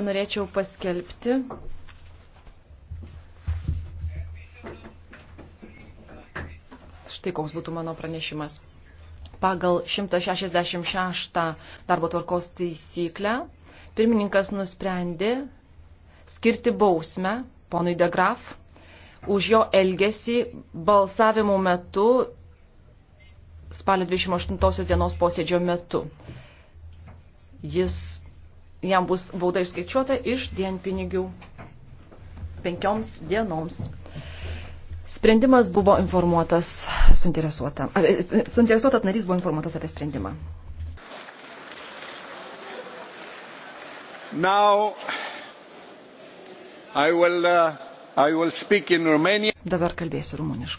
norėčiau paskelbti, štai koks būtų mano pranešimas. Pagal 166 darbo tvarkos taisyklę pirmininkas nusprendė skirti bausmę ponui Degraf už jo elgesį balsavimo metu spalio 28 dienos posėdžio metu. Jis jam bus bauda išskaičiuota iš dienpinigių penkioms dienoms. Sprendimas buvo informuotas, suinteresuota, suinteresuotas narys buvo informuotas apie sprendimą. Now, I will, uh, I will speak in Romania. Dabar kalbėsiu rumuniškai.